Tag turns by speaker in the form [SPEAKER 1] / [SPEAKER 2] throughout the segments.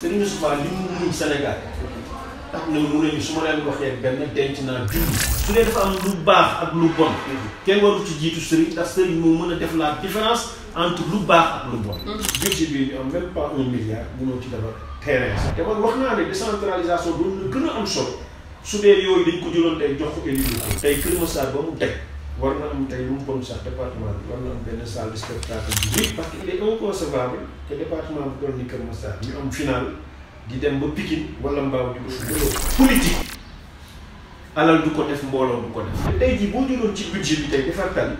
[SPEAKER 1] Serigne Ousmane li mu muñ Sénégal tax na mu ne ñu su ma leen waxee benn denc naa dund su dee dafa am lu baax ak lu bon kenn waru ci jiitu Serigne ndax Serigne moo mën a def laa différence entre lu baax ak lu bon budget bi ñu am même pas un milliard mënoo ci defar terrain te man wax naa ne décentralisation doon na gën a am solo su dee yooyu dañ ko jëloon tey jox ko élu tey Kër Massar ba mu teg war na am tey lu mu bon sax département bi war na am benn salle de spectacle bu nit parce que il est inconcevable que département bu doon ni Kër Massar ñu dem ba Pikine wala Mbao di ko politique alal du ko def mbooloo ko boo jëloon ci budget bi tey defar tali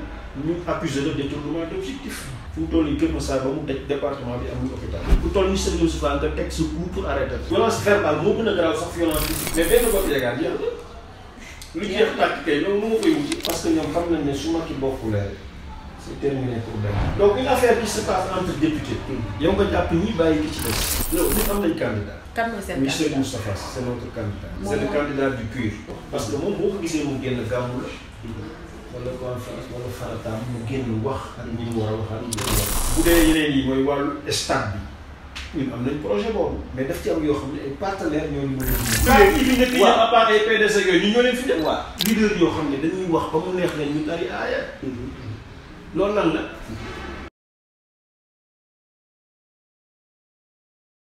[SPEAKER 1] ñu accusé d' objectif fu mu toll nii Kër Massar ba mu bi amuñu hôpital. bu nga teg sa coup pour arrêter. violence verbale moo gën a garaaw sax violence physique mais benn bopp yaakaar yàlla. lu jeex tàkk kay loolu nu ma koy wuti. parce que ñoom xam nañ ne su ma ki bokkulee c'est terminé pour dem. donc une affaire qui se passe entre députés. yow nga jàpp ñi bàyyi ki ci des. non ñun am nañ candidat. kan mooy seen candidat monsieur Moustapha c'est notre candidat. c'est le candidat du PUR. parce que moom boo ko gisee mu génn gàmmu la. wala conférence wala farataam mu génn wax ak ñi mu war a waxal. bu dee yeneen yi mooy wàllu stade bi. ñun am nañ projet boobu mais daf ci am yoo xam ne ay partenaires ñoo ñu mën a. ñu nekk yi à part ay PDC yooyu ñu ñoo leen fi def. waaw leader yoo xam ne dañuy wax ba mu neex leen ñu tari aaya. loolu lan la.